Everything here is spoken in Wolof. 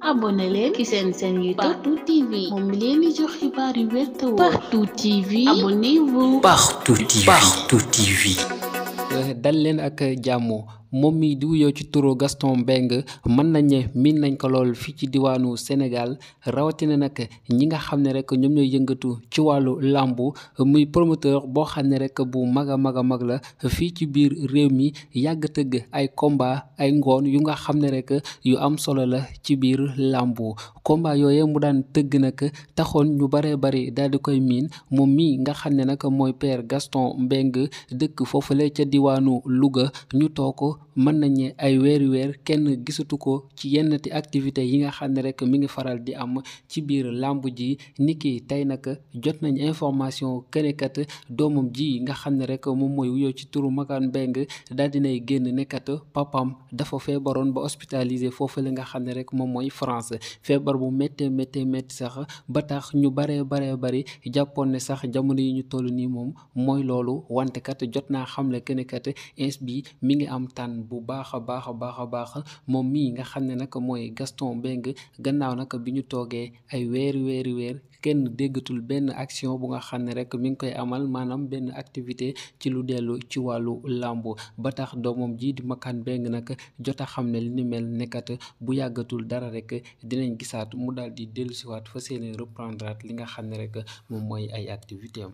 abonné leen ci seen seen YouTube Partout TV moom leen di jox xibaar yu wér te Partout TV Partout TV Partout leen ak jàmmoo moom mii di wuyoo ci turo Gaston Mbengue mën nañ ne miin nañ ko lool fii ci diwaanu Sénégal rawatina nag ñi nga xam ne rek ñoom ñooy yëngatu ci wàllu làmbu muy promoteur boo xam ne rek bu mag a mag a mag la fii ci biir réew mi yàgg tëgg ay combat ay ngoon yu nga xam ne rek yu am solo la ci biir làmbu combat yooye mu daan tëgg nag taxoon ñu baree bari daal di koy miin moom mii nga xam ne nag mooy per Gaston Mbengue dëkk foofu foofule ca diwaanu Louga ñu toog mën nañu ay weeri weer kenn gisatu ko ci yenn ti activité yi nga xam ne rek mu ngi faral di am ci biir làmb ji niki tey nag jot nañ information kenekat doomam ji nga xam ne rek moom mooy wuyoo ci turu Makan Mbeng daal dinay génn nekkat papam dafa feebaroon ba hospitalisé foofu la nga xam ne rek moom mooy France feebar bu méttee méttee métti sax ba tax ñu baree baree bari jàppoon ne sax jamono yi ñu toll nii moom mooy loolu wante kat jot naa xamle kenekat ins bi mi ngi am tànn bu baax a baax a baax a baax moom mii nga xam ne nag mooy Gaston Mbengue gannaaw nag bi ñu toogee ay weeri weeri weer kenn déggatul benn action bu nga xam ne rek mi ngi koy amal maanaam benn activité ci lu dellu ci wàllu làmbu ba tax doomam jii di Makane Mbengue nag jot a xam ne li ni mel nekkat bu yàggatul dara rek dinañ gisaat mu daal di dellusiwaat fa seen reprendre li nga xam ne rek moom mooy ay activité am